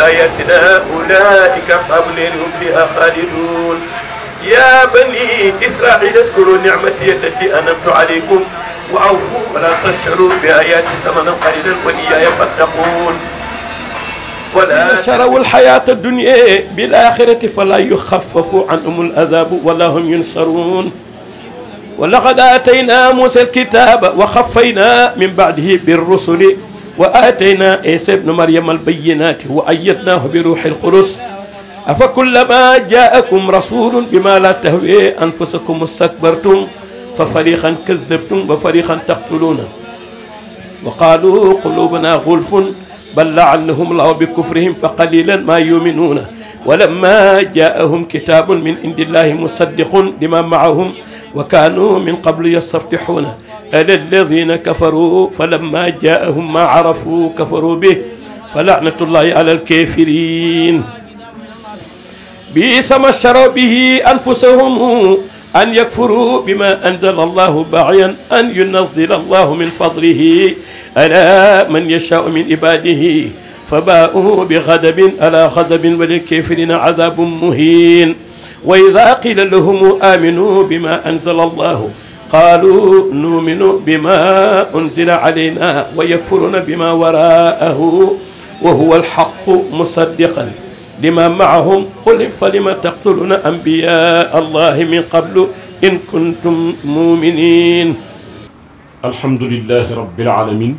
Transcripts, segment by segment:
بآياتنا أولئك هم فيها خالدون يا بني إسرائيل اذكروا نعمتي التي أنمت عليكم وأوفوا ولا تشتروا بآياتي ثمنا قليلا وإياي فاتقون ولا شروا الحياة الدنيا بالآخرة فلا يخفف عنهم العذاب ولا هم ينصرون ولقد آتينا موسى الكتاب وخفينا من بعده بالرسل وآتينا عيسى ابن مريم البينات وأيدناه بروح القدس أفكلما جاءكم رسول بما لا تهوي أنفسكم استكبرتم ففريقا كذبتم وفريقا تقتلون وقالوا قلوبنا غلف بل لعنهم الله بكفرهم فقليلا ما يؤمنون ولما جاءهم كتاب من عند الله مصدق لما معهم وكانوا من قبل يستفتحون الذين كفروا فلما جاءهم ما عرفوا كفروا به فلعنة الله على الكافرين بئس ما شروا به أنفسهم أن يكفروا بما أنزل الله باعيا أن ينزل الله من فضله ألا من يشاء من عباده فباءوا بغضب على غضب وللكافرين عذاب مهين وإذا قيل لهم آمنوا بما أنزل الله قالوا نؤمن بما أنزل علينا ويكفرون بما وراءه وهو الحق مصدقا لما معهم قل فلم تقتلون أنبياء الله من قبل إن كنتم مؤمنين الحمد لله رب العالمين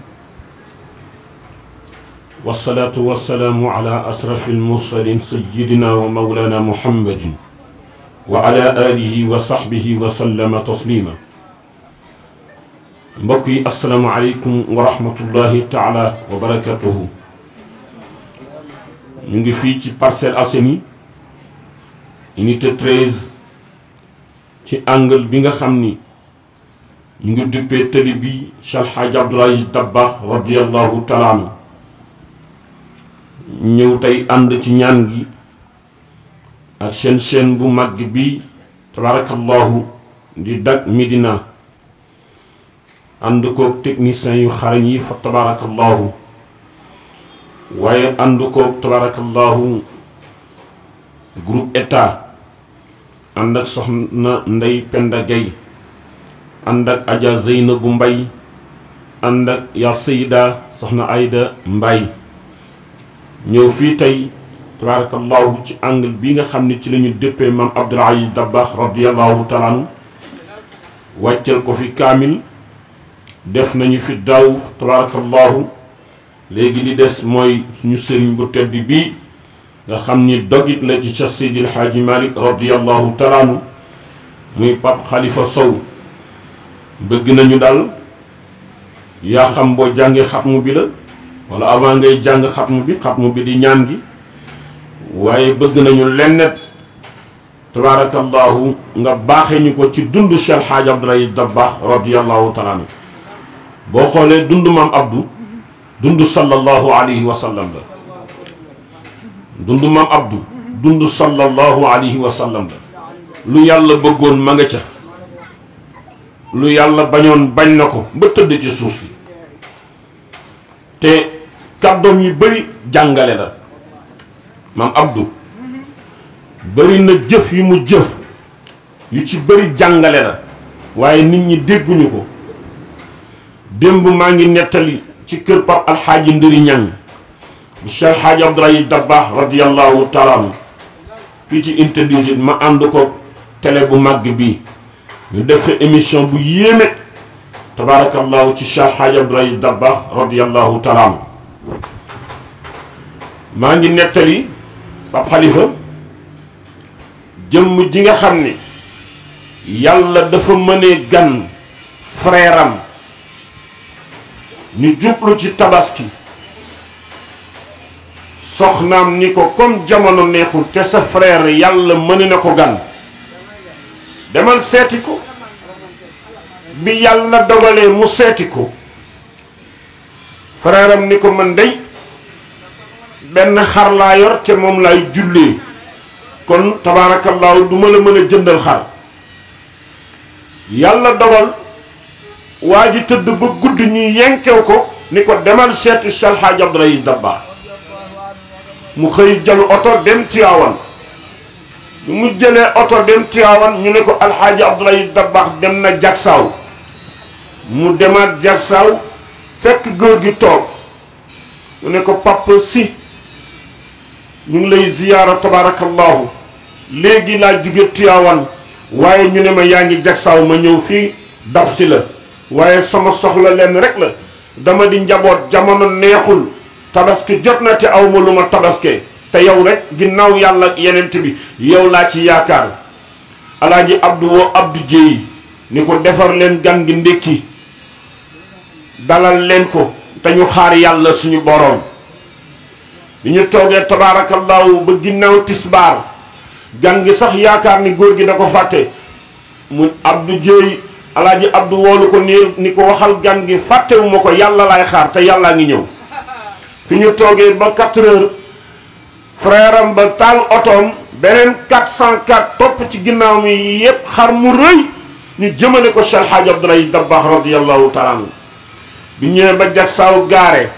والصلاة والسلام على أشرف المرسلين سيدنا ومولانا محمد وعلى آله وصحبه وسلم تسليماً mbokk yi asalaamaaleykum wa rahmatullahi taala wa barakatuhu ñu ngi fii ci Parcelles Assainies unité 13 ci angle bi nga xam ni ñu ngi duppee tëli bi Alxaaji Abdoul Aziz Dabakh radiallahu taala anhu ñëw tey ànd ci ñaan gi ak seen chaîne bu mag bi tabarakallahu di Dak Médina anduko technicien yu xarañ yi fa tabarakallah waye anduko tabarakallah groupe état andak soxna Ndey Penda gay andak ak Adja Zeynabu Mbay andak ya yaa Sayida soxna aida Mbay ñëw fi tay tabarakallah ci angle bi nga xamni ci lañu déppé mam maam Aziz Dabakh radiyallahu taala anhu wàcceel ko fi kamil def nañu fi daw tabarakallahu léegi li des mooy suñu sëriñ bu tedd bii nga xam ni dogit la ci Cheikh Seydil Hadji Malick radiallahu taalaanu muy Pape Khalifa Sow bëgg nañu daal yaa xam boo jàngee xatmu bi la wala avant ngay jàng xatmu bi xatmu bi di ñaan gi waaye bëgg nañu lennet tabarakallahu nga baaxee ñu ko ci dund Cheikh Hadji Abdoulaye Dabakh radiallahu taalaanu boo xoolee dund maam abdu dund sallallahu alayhi wa sallam dund maam Abdou dund sallallahu alayhi wa sallam lu yàlla bëggoon ma nga ca lu yàlla bañoon bañ na ko ba tëdd ci suuf si te kàddoom yi bari jàngale la maam Abdou bëri na jëf yi mu jëf yu ci bari jàngale la waaye nit ñi dégguñu ko. démb maa ngi nettali ci kër Pape Alxaaji Ndëri Ñang bu Cheikh Alxaaji Abdoulaye Dabakh radiyallahu taala fii ci Unité ma ànd ko télé bu màgg bi ñu def émission bu yéeme tabaarakallahu ci Cheikh Alxaaji Abdoulaye Dabakh radiyallahu taala maa ngi nettali Pape Xalifa jëmm ji nga xam ni yàlla dafa mënee gan frère ñu jublu ci tabaski soxnaam ni ko comme jamono neexul te sa frère yàlla mën na ko gan demal seeti ko bi yàlla dogalee mu seeti ko frère ni ko mën dey benn xar te moom lay jullee kon tabaarakallaahu du ma la mën a jëndal xar yàlla dogal waa ji tëdd ba gudd ñuy yenkew ko ni ko demal seeti salhaaj Abdoulaye Dabba mu xëy jalu oto dem Tiwaawan bi mu jëlee oto dem Tiwaawan ñu ne ko alxaaji Abdoulaye Dabba dem na jagsaaw mu demaat jagsaaw fekk góor gi toog mu ne ko papa si ñu ngi lay ziyaara tabaarakallaahu léegi laa jóge Tiwaawan waaye ñu ne ma yaa ngi jagsaaw ma ñëw fii dab si la waaye sama soxla leen rek la dama di njaboot jamono neexul tabaski jot na te aw ma lu ma tabaskee te yow rek ginnaaw yàlla ak yenent bi yow laa ci yaakaar alaaji abdu woo abdu jéey ni ko defar leen gan gi ndékki dalal leen ko te ñu xaar yàlla suñu boroom bi ñu toogee tabaarakallaahu ba ginnaaw tisbaar gan gi sax yaakaar ni góor gi da ko fàtte mu abdu jéey alaaji abdu woolu ko ni ni ko waxal gan gi fàttewuma ko yàlla laay xaar te yàllaa ngi ñëw fi ñu toogee ba 4 heures frère ba taal otoom beneen 404 topp ci ginnaaw mi yépp xar mu rëy ñu jëmale ko Cheikh Hadj Abdoul Aziz Dabakh radiyallahu taala anhu bi ba jag saaw gaare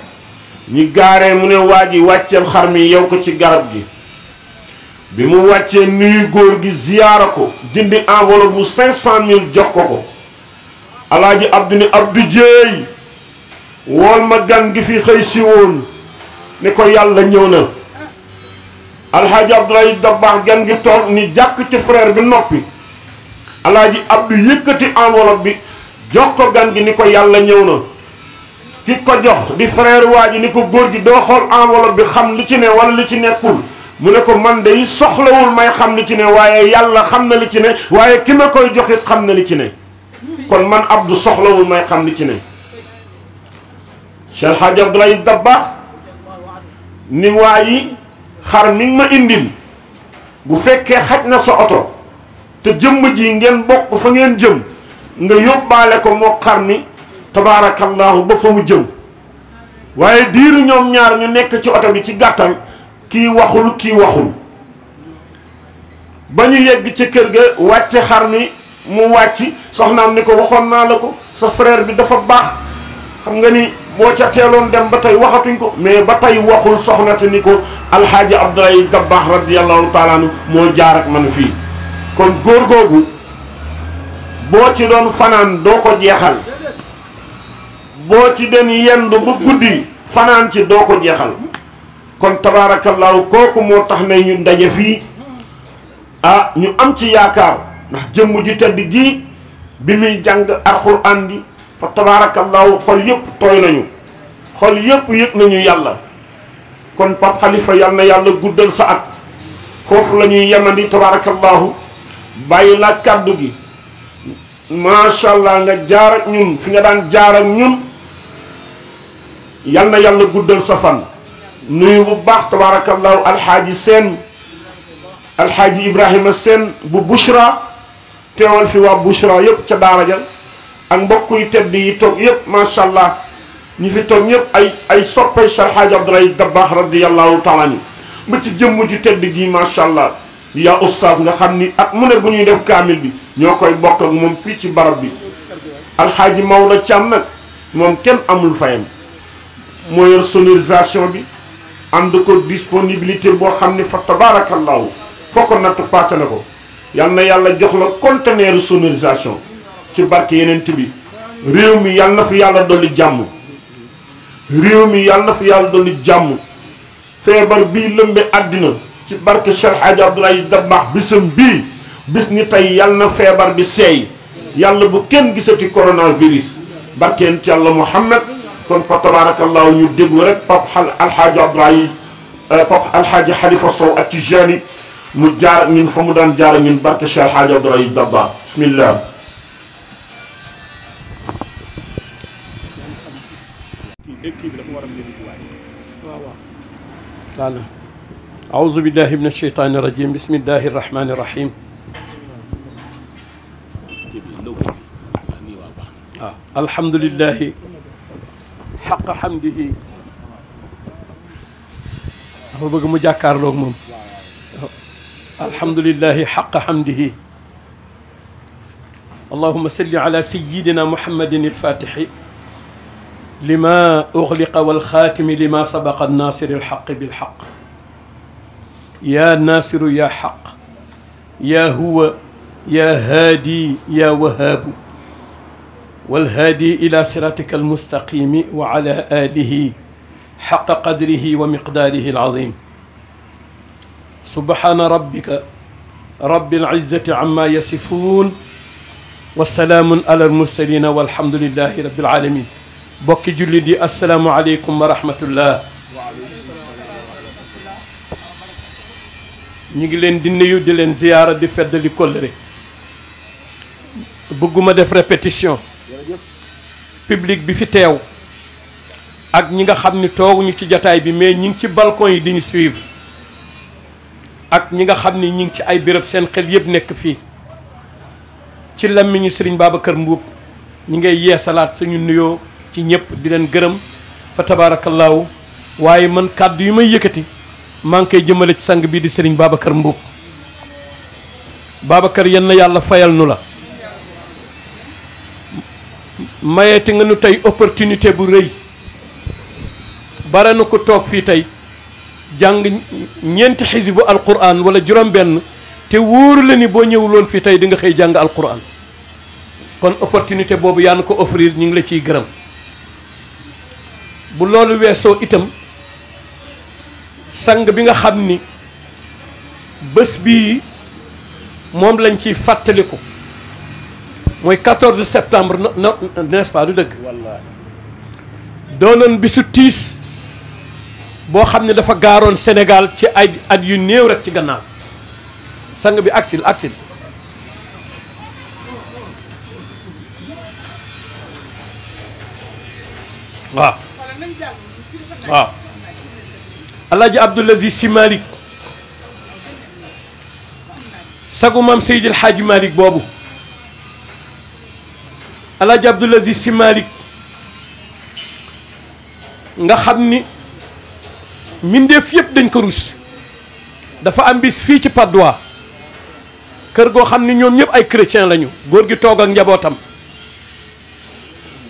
ñu gaaree mu ne waa ji wàcceel xar mi yow ko ci garab gi bi mu wàccee nuyu góor gi ziyaara ko dindi enveloppe bu 500000 jox ko ko alaaji abdu ni abdu jéey wool ma gan gi fi xëy si woon ni ko yàlla ñëw na alhaaji abdoulaye dabbaax gan gi toog ni jàkk ci frère bi noppi alaaji abdu yëkkati enveloppe bi jox ko gan gi ni ko yàlla ñëw na ki ko jox di frère waa ji ni ko góor gi doo xool enveloppe bi xam li ci ne wala li ci nekkul mu ne ko man day soxlawul may xam li ci ne waaye yàlla xam na li ci ne waaye ki ma koy joxit xam na li ci ne kon man Abdou soxlawu may xam li ci ne Cheikh El Hadj Abdoulaye Dabakh ni waa yi xar mi ma indil bu fekkee xaj na sa oto te jëmm ji ngeen bokk fa ngeen jëm nga yóbbaale ko moo xar ni tabaarakallaahu ba fa mu jëm waaye diiru ñoom ñaar ñu nekk ci oto bi ci gàttal kii waxul kii waxul ba ñu yegg ci kër ga wàcce xar ni mu wacc soxnam ni ko waxon na la ko sa frère bi dafa bax xam nga ni bo ca telon dem batay waxatuñ ko mais batay waxul soxna fi ni ko alxaaji abdoulaye dabbaax radiyallahu taala mo jaar ak man fi kon gor gogu bo ci don jahal. do ko jexal bo ci den yendu bu guddi fanan ci do ko jexal kon tabaarakallahu koku mo tax ne ñu ndaje fi ah ñu am ci yaakar ndax jëmm ji tedd ji bi muy jàng alquran di fa tabarakallahu xol yépp toy nañu xol yépp yëg nañu yàlla kon pap xalifa yal na yàlla guddal sa at foofu la ñuy yemandi tabarakallahu bàyyi la kàddu gi masha allah nga jaar ak ñun fi nga daan jaar ak ñun yal na yàlla guddal sa fan nuyu bu baax tabarakallahu alxaaji seen alxaaji ibrahima seen bu bushra teewal fi waa Bouchra yëpp ca daara ja ak mbokk yu tedd yi toog yëpp macha allah ñi fi toog ñëpp ay ay soppay Cheikh Hadj Abdoulaye Dabakh radiyallahu taala ni ci jëmm ju tedd gi macha allah yaa oustaz nga xam ni ak mu ne bu ñuy def kaamil bi ñoo koy bokk moom fii ci barab bi alxaaji Maodo Thiam nag moom kenn amul fayam moo yor sonorisation bi ànd ko disponibilité boo xam ne fa tabarakallahu foo ko natt na ko yal na yàlla jox la conteneur sonorisation ci barke yenent bi réew mi yal na fi yàlla dolli jàmm réew mi yal na fi yàlla dolli jàmm feebar bi lëmbe àddina ci barke Cheikh Hadji Abdoulaye bi bisam bii bis ni tey yal na feebar bi seey yàlla bu kenn gisati coronavirus barke yenent yàlla Muhammad kon fa tabarakallahu ñu déglu rek Pape Alxaaji Abdoulaye euh, Pape Alxaaji Sow ak ci مجار من حمودان جار من بركة شال حاجة دراي دبا بسم الله أعوذ بالله من الشيطان الرجيم بسم الله الرحمن الرحيم الحمد لله حق حمده هو بقى مجاكر لهم الحمد لله حق حمده اللهم صل على سيدنا محمد الفاتح لما أغلق والخاتم لما سبق الناصر الحق بالحق يا ناصر يا حق يا هو يا هادي يا وهاب والهادي إلى صراطك المستقيم وعلى آله حق قدره ومقداره العظيم سبحان ربك رب العزة عما يصفون والسلام على المرسلين والحمد لله رب العالمين بك جلدي السلام عليكم ورحمة الله نجلن دنيو دلن زيارة دي فرد لكولري بغوما دف ريبتيشن public bi fi tew ak ñi nga xamni togu ñu ci jotaay bi mais ñi ci balcon yi diñu suivre ak ñi nga xamni ni ñi ngi ci ay bërepp seen xel yëpp nekk fi ci lammiñu sëriñ Babacar mbub ñi ngay yeesalaat suñu nuyo ci ñëpp di leen gërëm fa tabarakallah waye man kaddu yi may yëkkati man ngi koy ci sang bi di sëriñ baba babakar Babacar na yalla fayal nu la mayete nga nu tay opportunité bu reuy baranu ko tok fi tay jang ñent hizbu alquran wala juram ben te woor la ni boo ñëwuloon fi tay di nga xey jang alquran kon opportunité bobu yaan ko offrir ñing la ci gërëm bu loolu wesso itam sang bi nga xamni ni bi mom lañ ciy fàttaliku moy 14 septembre n'est-ce pas du wallahi donon bisu boo xam ne dafa gaaroon Sénégal ci ay at yu néew rekk ci gannaaw sang bi agsil agsil waaw waaw alaaji Abdul Aziz Si Malick sagu maam Seydil Xaaji Malick boobu alaaji Abdul Aziz Si Malick nga xam ni mbindeef yëpp dañ ko rus dafa am bis fii ci Padois kër goo xam ni ñoom ñëpp ay chrétien lañu góor gi toog ak njabootam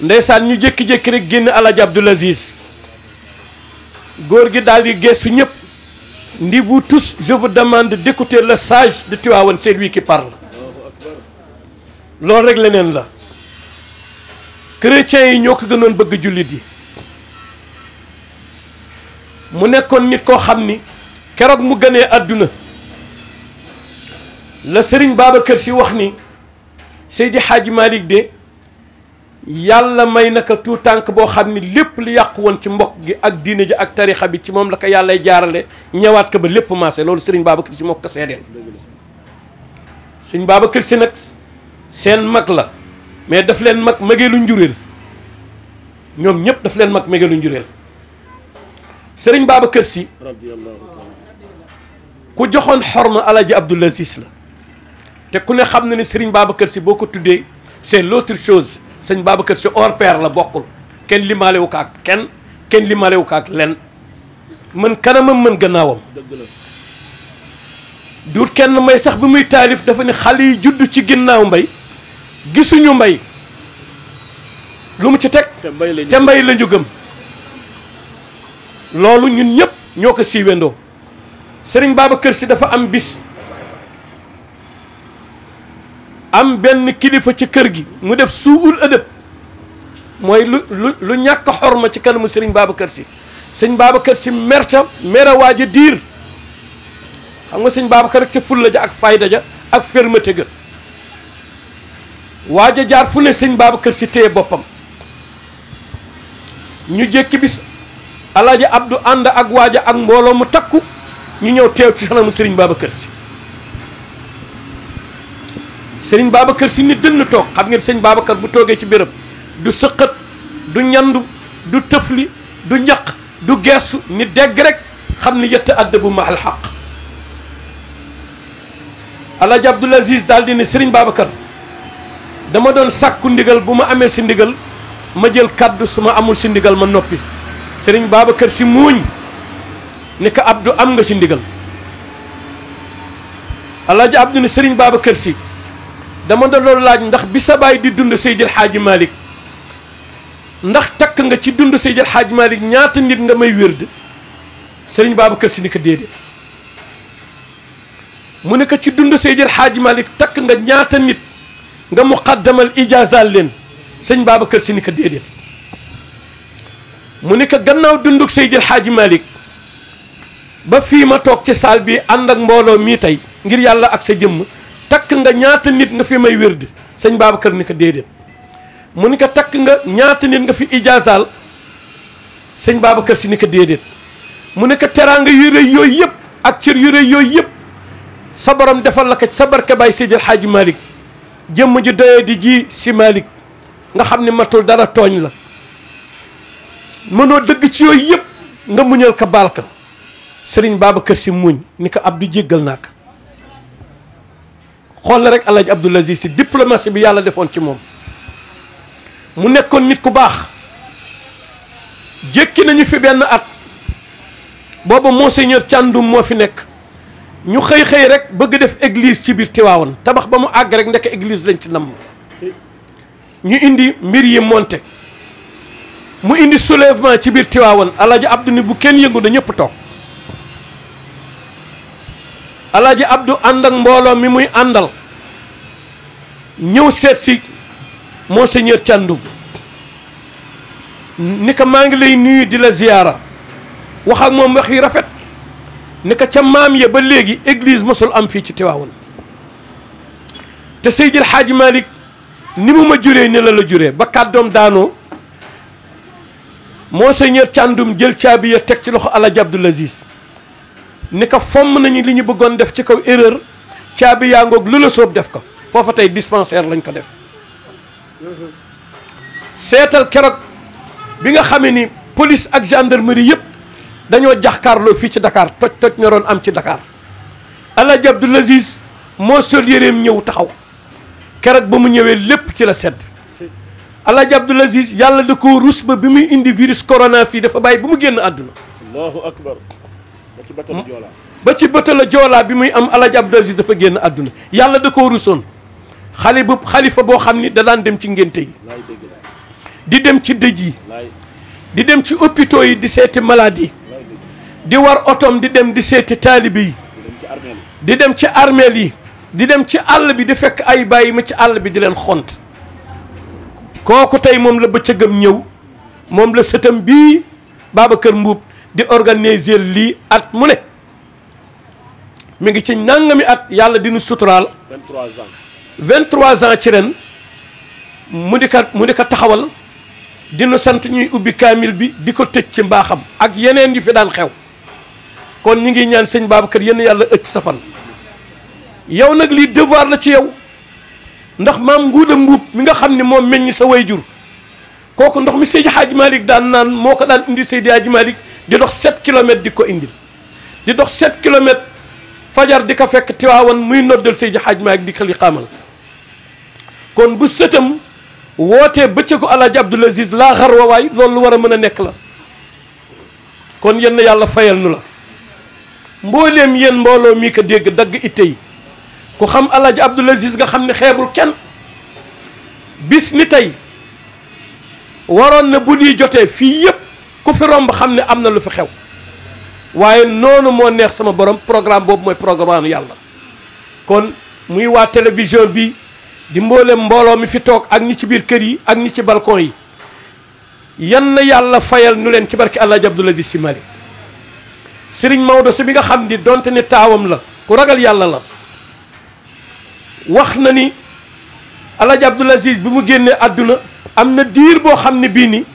ndeysaan ñu jékki-jékki rek génn alaji abdul Aziz góor gi daal di ñëpp vous tous je vous demande d'écouter le sage de Tivaouane c'est lui qui parle loolu rek leneen la chrétien yi ñoo ko gënoon bëgg jullit mu nekkoon nit koo xam ni keroog mu gënee àdduna la sëriñ Babacar si wax ni Seydi Hadji malik de yàlla may naka tout tànk boo xam ni lépp li yàqu woon ci mbokk gi ak diine ji ak tarixa bi ci moom la ko yàllay jaarale ñëwaat ko ba lépp maase loolu sëriñ Babacar si moo ko seedeel Babacar si nag seen mag la mais daf leen mag magelu njureel ñoom ñëpp daf leen mag magelu njureel sëriñ Babacar Sy ku joxoon xorma Alaaji Abdoul Aziz la te ku ne xam na ne sëriñ Babacar si boo ko tuddee c'est l'autre chose sëñ Babacar Sy hors pair la bokkul kenn limaale wu kenn kenn limaale wu ko ak lenn mën kanamam mën gannaawam duut kenn may sax bi muy taalif dafa ne xale yi judd ci ginnaaw mbay gisuñu mbay lu mu ci teg te mbay la ñu loolu ñun ñëpp ñoo ko sëriñ Serigne kër si dafa am bis am benn kilifa ci kër gi mu def suul ëdëb mooy lu lu lu ñàkk xorma ci kanamu Serigne Babacar Sy sëñ Babacar si merta mera waaja diir xam nga sëñ Babacar rek ca fulla ja ak fayda ja ak fermeté waaja jaar fu ne sëñ Babacar Sy téye boppam ñu jékki bis alaaji abdu ànd ak waaja ak mbooloo mu takku ñu ñëw teew ci xanamu sëriñ Babacar Si sëriñ Babacar Si ni dënn toog xam ngeen sëñ Babacar bu toogee ci béréb du sëqat du ñandu du tëfli du ñaq du geesu nit dégg rek xam ni yëtt addabu ma al xaq alaaji Abdul Aziz daal di ne sëriñ Babacar dama doon sàkku ndigal bu ma amee si ndigal ma jël kàddu su ma amul si ndigal ma noppi sëriñ kër si muuñ ni ko Abdou am nga ci ndigal alaaji Abdou ni sëriñ Babacar si dama da loolu laaj ndax bi sa baay di dund Seydil Hadji malik ndax takk nga ci dund Seydil Hadji Malick ñaata nit nga may wérd sëriñ Babacar si ni ko déedéet mu ne ko ci dund Seydil Hadji malik takk nga ñaata nit nga muqaddamal ijaazaal leen sëñ Babacar si ni ko déedéet mu ni ko gannaaw dunduk Seydil xaaji Malick ba fii ma toog ci saal bi ànd ak mbooloo mii tey ngir yàlla ak sa jëmm takk nga ñaata nit nga fi may wérd sëñ Babacar ni ko déedéet mu ni ko takk nga ñaata nit nga fi ijaasaal sëñ kër si ni ko déedéet mu ni ko teraanga yu rëy yooyu yëpp ak cër yu rëy yooyu yëpp sa borom defal la ko sa barke Baye Seydil Hadji jëmm ji doyee di ji si Malick nga xam ne matul dara tooñ la mënoo dëgg ci yooyu yëpp nga muñal ka baal ka sëriñ kër Si muñ ni ko Abdou jéggal naa ko xool na rek Alaaji Abdoul Aziz Si diplomatie bi yàlla defoon ci moom mu nekkoon nit ku baax jëkki nañu fi benn at booba monseigneur Thiandoum moo fi nekk ñu xëy xëy rek bëgg def église ci biir Tiwaawan tabax ba mu àgg rek ndekk église lañ ci namm ñu indi mbir yi moonte mu indi soulèvement ci bir tiwawal alaaji abdou ni bu kenn yëngu da ñëpp tok alaaji abdou and ak mbolo mi muy andal ñew set si monseigneur tiandou ni ka maa lay nuyu di la ziyaara wax ak mom wax yi rafet ni ka ca maam ya ba léegi église musul am fi ci tiwawal te seydil xaaji malik ni mu ma juré ni la la juré ba kaddom daano monseigneur Thiandoum jël caabi ya teg ci loxo Alaaji Abdoul ni ko fomm nañu li ñu bëggoon def ci kaw erreur caabi yaa ngoog lu la soob def ko foofa tey dispensaire lañ ko def seetal keroog bi nga xamee ni police ak gendarmerie yëpp dañoo jaxkaarloo fii ci dakaar toj toj ñoroon am ci Dakar Alaaji Abdoul Aziz moo sol yéreem ñëw taxaw keroog ba mu ñëwee lépp ci la sedd Alaaji Abdoul yàlla da koo rus ba bi muy indi virus corona fii dafa bàyyi ba mu génn àdduna. allahu ba ci bëtala joolaa. bi muy am Alaaji Abdoul dafa génn àdduna yàlla da koo rusoon xale bu xalifa boo xam ni da daan dem ci ngénte yi. di dem ci dëj yi. di dem ci opito yi di seeti maladie. di war otom di dem di seeti taalibe yi. di dem ci armeel yi. di dem ci àll bi di fekk ay bàyyi ma ci àll bi di leen xont. kooku tey moom la bëccëgam ñëw moom la sëtam bii Babacar Mbuub di organiser lii at mu ne mu ngi ci nangami at yàlla dinu suturaal. 23 ans 23 ans ci ren mu di ka mu di ka taxawal dinu sant ñuy ubbi kaamil bi di ko tëj ci mbaaxam ak yeneen yu fi daan xew kon ñu ngi ñaan sëñ Babacar yenn yàlla ëcc safan yow nag lii devoir la ci yow. ndax maam nguuda mbuub mi nga xam ne moom meññ sa way jur kooku ndox mi Seydi Hadji Malick daan naan moo ko daan indi Seydi Hadji Malick di dox 7 kilomètres di ko indil di dox 7 kilomètres fajar di ko fekk tiwaawan muy noddal Seydi Hadji Malick di ko li xamal kon bu sëtam wootee bëccëgu alaaji Abdoul Aziz laa xar wawaay loolu war a mën a nekk la kon yenn yàlla fayal nu la mbooleem yéen mbooloo mii ko dégg dagg itte yi ku xam alaji Abdoul Aziz nga xam ne xeebul kenn bis ni tey waroon na bu di jotee fii yëpp ku fi romb xam ne am na lu fi xew waaye noonu moo neex sama borom programme boobu mooy programme yàlla kon muy waa télévision bi di mboolem mbooloo mi fi toog ak ñi ci biir kër yi ak ñi ci balcon yi yan na yàlla fayal nu leen ci barki alaji Abdoul Aziz Sy Malick Serigne Maodo si bi nga xam ni donte ne taawam la ku ragal yàlla la wax na ni alaji Abdoul Aziz bi mu génnee àdduna am na diir boo xam ne bii ni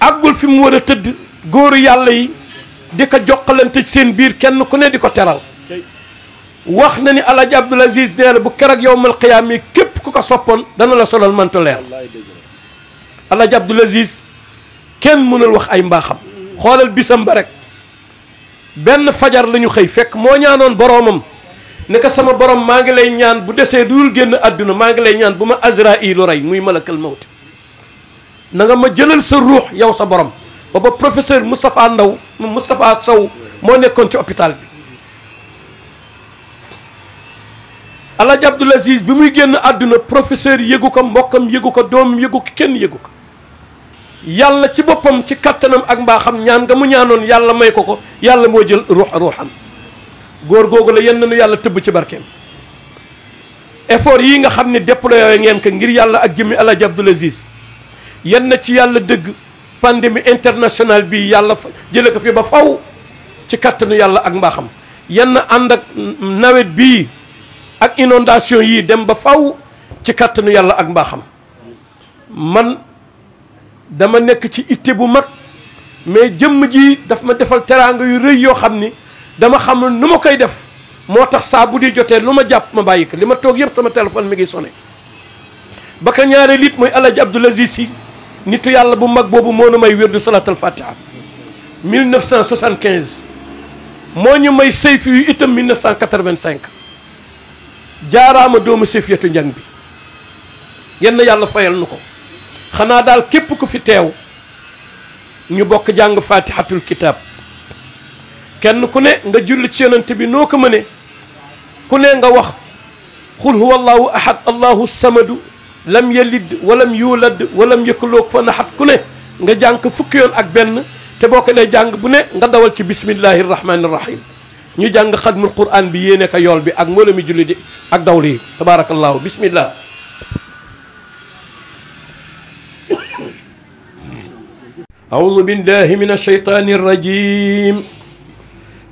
àggul fi mu war a tëdd góoru yàlla yi di ko jokkalante seen biir kenn ku ne di ko teral wax na ni alaji Abdoul Aziz nee na bu keroog yowmal xiyaam yi képp ku ko soppoon dana la solal mantu leer alaji Abdoul Aziz kenn mënul wax ay mbaaxam xoolal bisam ba rek benn fajar la ñu xëy fekk moo ñaanoon boroomam naka sama borom maa ngi lay ñaan bu desee dul génn àdduna maa ngi lay ñaan bu ma Azraayilu rey muy malakal mawti na nga ma jëlal sa ruux yow sa borom booba professeur Moustapha Ndaw Moustapha Sow moo nekkoon ci hôpital bi Alaaji Abdoul Aziz bi muy génn àdduna professeur yëgu ko mbokkam yëgu ko doom yëgu ko kenn yëgu ko yàlla ci boppam ci kattanam ak mbaaxam ñaan nga mu ñaanoon yàlla may ko ko yàlla moo jël ruux ruuxam góor googu la yenn nu yàlla tëbb ci barkeem effort yi nga xam ne déployé ngeen ko ngir yàlla ak jëmmi Alaaji Abdul Aziz yenn ci yàlla dëgg pandémie international bi yàlla jële ko fi ba faw ci kàttanu yàlla ak mbaaxam yenn ànd ak nawet bi ak inondation yi dem ba faw ci kàttanu yàlla ak mbaaxam man dama nekk ci itte bu mag mais jëmm ji dafa ma defal teraanga yu rëy yoo xam ni dama xam nu ma koy def moo tax saa di jotee lu ma jàpp ma bàyyi ko li ma toog yëpp sama téléphone mi ngi soné ba ka ñaare lit mooy alaji Abdoul Aziz Sy nitu yàlla bu mag boobu moo nu may wérdu salatul fatiha 1975 moo ñu may sayfi yu itam 1985 jaaraama doomu sayfiyatu njang bi yenn yàlla fayal nu ko xanaa daal képp ku fi teew ñu bokk jàng fatihatul kitab كن كن عند جل تبي نوك مني كن عند وح خل هو الله أحد الله السمد لم يلد ولم يولد ولم يكلوك فنحت كن عند جانك فكيون أكبرن تبوك إلى جانك بني عند دول بسم الله الرحمن الرحيم نيجان خدم القرآن بيينة كيول بي أقمول مجلد أقدولي تبارك الله بسم الله أعوذ بالله من الشيطان الرجيم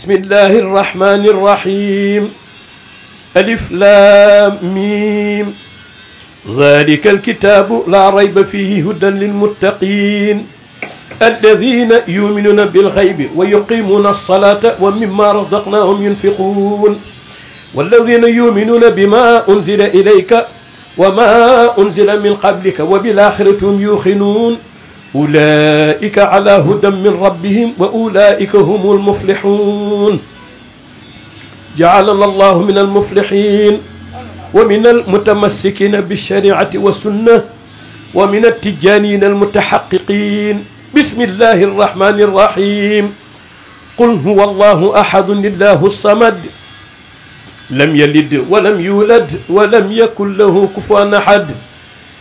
بسم الله الرحمن الرحيم ألف لام ميم ذلك الكتاب لا ريب فيه هدى للمتقين الذين يؤمنون بالغيب ويقيمون الصلاة ومما رزقناهم ينفقون والذين يؤمنون بما أنزل إليك وما أنزل من قبلك وبالآخرة هم يوقنون أولئك على هدى من ربهم وأولئك هم المفلحون جعلنا الله من المفلحين ومن المتمسكين بالشريعة والسنة ومن التجانين المتحققين بسم الله الرحمن الرحيم قل هو الله أحد الله الصمد لم يلد ولم يولد ولم يكن له كفوا أحد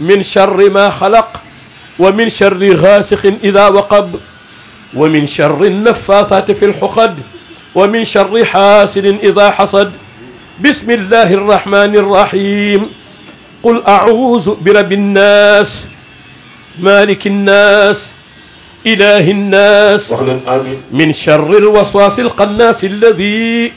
من شر ما خلق ومن شر غاسق إذا وقب ومن شر النفاثات في الحقد ومن شر حاسد إذا حصد بسم الله الرحمن الرحيم قل أعوذ برب الناس مالك الناس إله الناس من شر الوسواس القناس الذي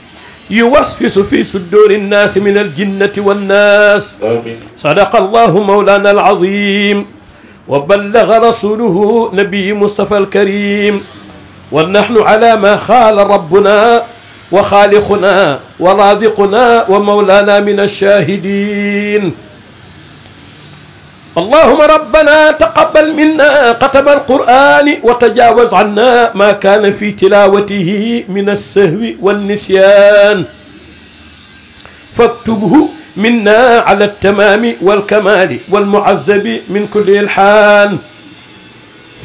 يوسوس في صدور الناس من الجنة والناس آمين. صدق الله مولانا العظيم وبلغ رسوله نبي مصطفى الكريم ونحن على ما خال ربنا وخالقنا ورازقنا ومولانا من الشاهدين اللهم ربنا تقبل منا ختم القرآن وتجاوز عنا ما كان في تلاوته من السهو والنسيان فاكتبه منا على التمام والكمال والمعذب من كل الحان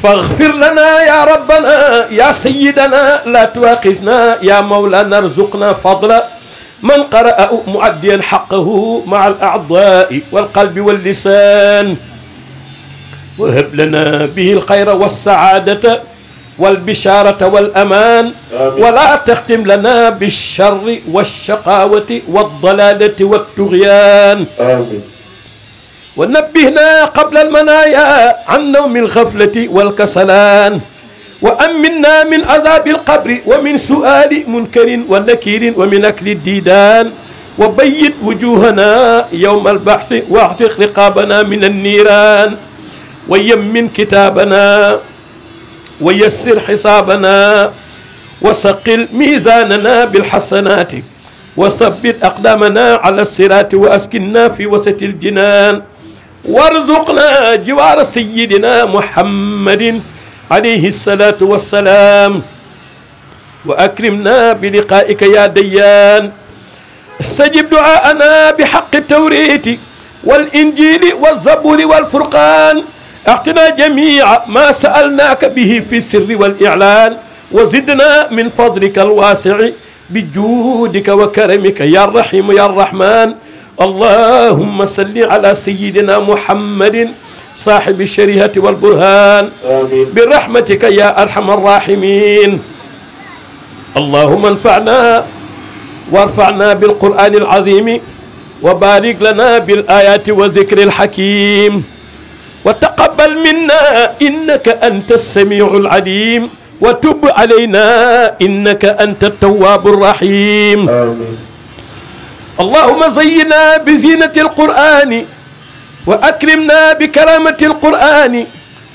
فاغفر لنا يا ربنا يا سيدنا لا تواخذنا يا مولانا ارزقنا فضلا من قرأ معديا حقه مع الأعضاء والقلب واللسان وهب لنا به الخير والسعادة والبشارة والأمان آمين. ولا تختم لنا بالشر والشقاوة والضلالة والطغيان آمين ونبهنا قبل المنايا عن نوم الغفلة والكسلان وأمنا من عذاب القبر ومن سؤال منكر ونكير ومن أكل الديدان وبيت وجوهنا يوم البحث واعتق رقابنا من النيران ويمن كتابنا ويسر حسابنا وسقل ميزاننا بالحسنات وثبت أقدامنا على الصراط وأسكننا في وسط الجنان وارزقنا جوار سيدنا محمد عليه الصلاة والسلام وأكرمنا بلقائك يا ديان استجب دعاءنا بحق التوريت والإنجيل والزبور والفرقان أعطنا جميع ما سألناك به في السر والإعلان وزدنا من فضلك الواسع بجودك وكرمك يا الرحيم يا الرحمن اللهم صل على سيدنا محمد صاحب الشريعة والبرهان آمين. برحمتك يا أرحم الراحمين اللهم انفعنا وارفعنا بالقرآن العظيم وبارك لنا بالآيات والذكر الحكيم وتقبل منا إنك أنت السميع العليم وتب علينا إنك أنت التواب الرحيم آمين. اللهم زينا بزينة القرآن وأكرمنا بكرامة القرآن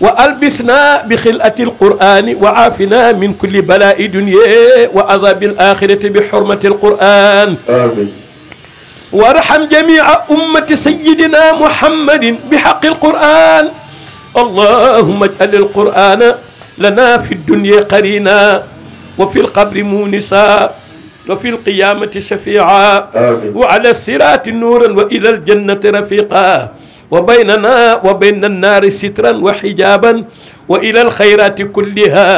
وألبسنا بخلعة القرآن وعافنا من كل بلاء دنيا وعذاب الآخرة بحرمة القرآن آمين وارحم جميع أمة سيدنا محمد بحق القرآن اللهم اجعل القرآن لنا في الدنيا قرينا وفي القبر مونسا وفي القيامة شفيعا وعلى الصراط نورا وإلى الجنة رفيقا وبيننا وبين النار سترا وحجابا وإلى الخيرات كلها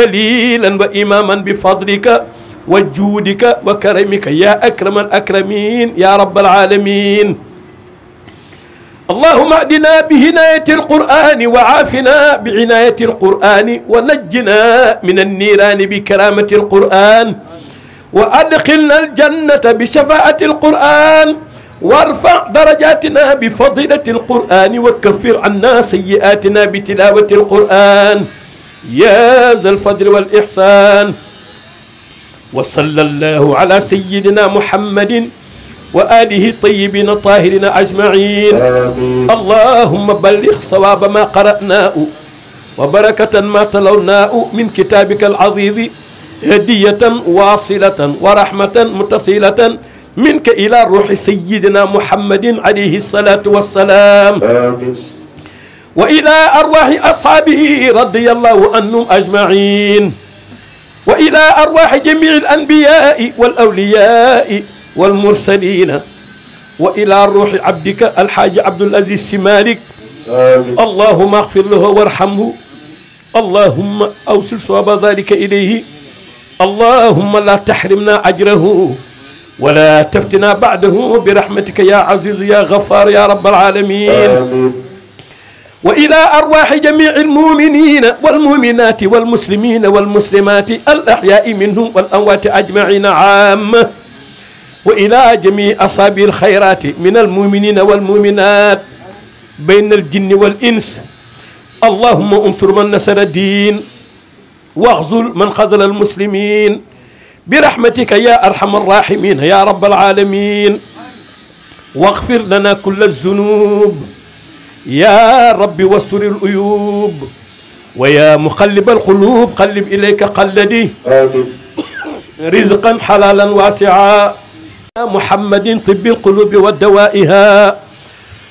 دليلا وإماما بفضلك وجودك وكرمك يا أكرم الأكرمين يا رب العالمين اللهم اعدنا بهناية القرآن وعافنا بعناية القرآن ونجنا من النيران بكرامة القرآن وأدخلنا الجنة بشفاعة القرآن وارفع درجاتنا بفضيلة القرآن وكفر عنا سيئاتنا بتلاوة القرآن يا ذا الفضل والإحسان وصلى الله على سيدنا محمد وآله الطيبين الطاهرين أجمعين اللهم بلغ صواب ما قرأناه وبركة ما تلوناه من كتابك العظيم هدية واصلة ورحمة متصلة منك إلى روح سيدنا محمد عليه الصلاة والسلام آمين وإلى أرواح أصحابه رضي الله عنهم أجمعين وإلى أرواح جميع الأنبياء والأولياء والمرسلين وإلى روح عبدك الحاج عبد العزيز سمالك آمين. اللهم اغفر له وارحمه اللهم أوصل صواب ذلك إليه اللهم لا تحرمنا أجره ولا تفتنا بعده برحمتك يا عزيز يا غفار يا رب العالمين وإلى أرواح جميع المؤمنين والمؤمنات والمسلمين والمسلمات الأحياء منهم والأموات أجمعين عامة وإلى جميع أصحاب الخيرات من المؤمنين والمؤمنات بين الجن والإنس اللهم انصر من نصر الدين واغزل من خذل المسلمين برحمتك يا أرحم الراحمين يا رب العالمين واغفر لنا كل الذنوب يا رب واستر العيوب ويا مقلب القلوب قلب إليك قلدي رزقا حلالا واسعا محمد طب القلوب ودوائها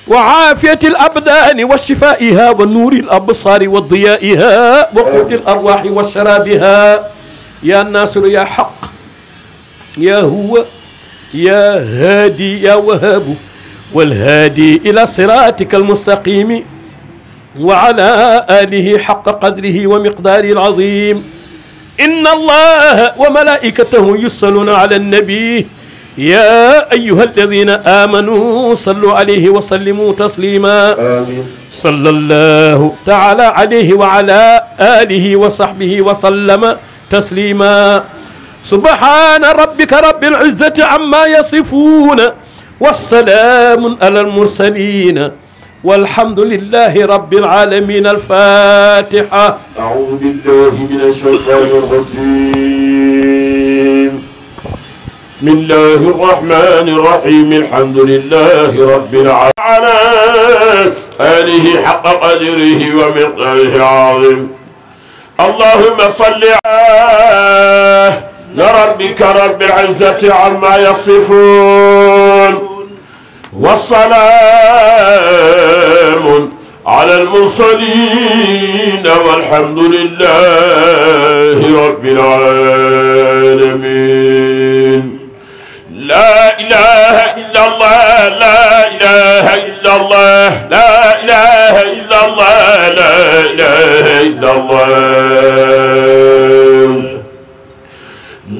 وعافية الأبدان وشفائها ونور الأبصار وضيائها وقوت الأرواح وشرابها يا ناصر يا حق يا هو يا هادي يا وهاب والهادي إلى صراطك المستقيم وعلى آله حق قدره ومقداره العظيم إن الله وملائكته يصلون على النبي يا أيها الذين آمنوا صلوا عليه وسلموا تسليما آمين صلى الله تعالى عليه وعلى آله وصحبه وسلم تسليما سبحان ربك رب العزة عما يصفون والسلام على المرسلين والحمد لله رب العالمين الفاتحة أعوذ بالله من الشيطان الرجيم بسم الله الرحمن الرحيم الحمد لله رب العالمين على آله حق قدره ومقداره العظيم اللهم صل على لربك رب العزة عما يصفون والسلام على المرسلين والحمد لله رب العالمين لا إله إلا الله لا إله إلا الله لا إله إلا الله لا إله إلا الله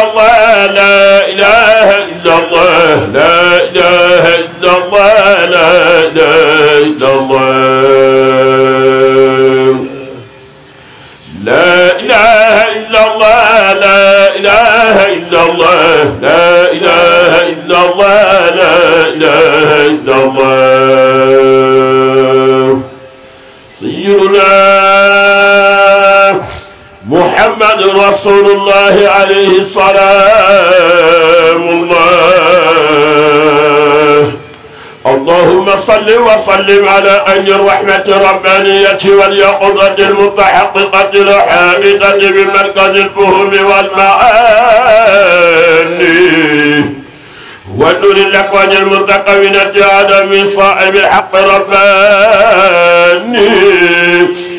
الله لا إله إلا الله لا إله إلا الله لا إله إلا الله لا إله إلا الله لا إله إلا الله لا إله إلا الله لا إله إلا الله سيدنا محمد رسول الله عليه السلام الله اللهم صل وسلم على أن الرحمة الربانية واليقظة المتحققة الحامدة بمركز الفهم والمعاني ونور الأكوان المتقونة على من صاحب الحق الرباني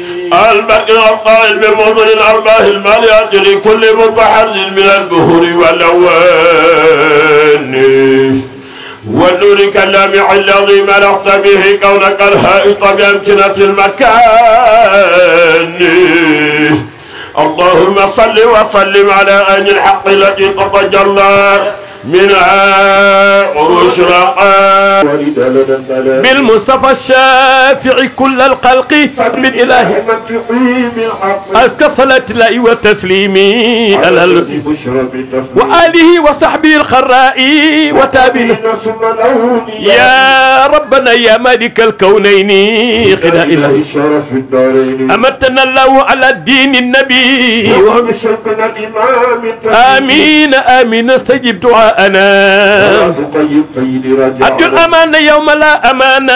البرق والقائل بموضوع الأرباح الماليات لكل متحرز من البهور والأوان والنور كلامع الذي ملقت به كونك الهائط بأمكنة المكان اللهم صل وسلم على أهل الحق التي تضجرنا منها ومشرقا بالمصطفى الشافع كل الخلق من إله أزكى صلاة الله وتسليمي على الذي وآله وصحبه الخراء وتابنا يا ربنا يا مالك الكونين خدا إلهي أمتنا الله على الدين النبي وهم الإمام آمين آمين استجب دعاء أنا أرجو طيب الأمان يوم لا أمان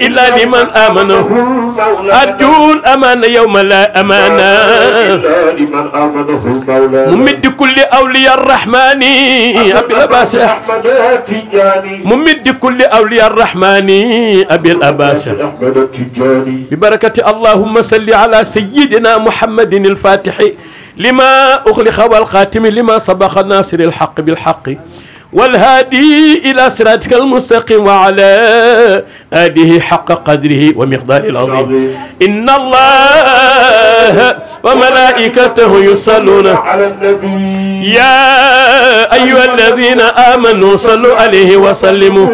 إلا لمن آمن أرجو الأمان يوم لا أمان ممد كل أولياء الرحمن أبي الأباس ممد كل أولياء الرحمن أبي الأباس ببركة اللهم صل على سيدنا محمد الفاتح لما أخلق والقاتم لما سبق ناصر الحق بالحق والهادي إلى صراطك المستقيم وعلى آله حق قدره ومقدار العظيم إن الله وملائكته يصلون على النبي يا أيها الذين آمنوا صلوا عليه وسلموا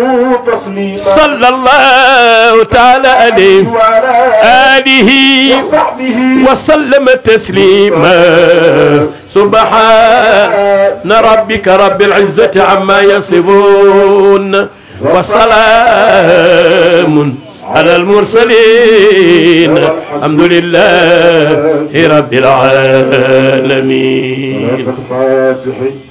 صلى الله تعالى عليه آله وسلم تسليما سبحان ربك رب العزة عما يصفون وسلام على المرسلين الحمد لله رب العالمين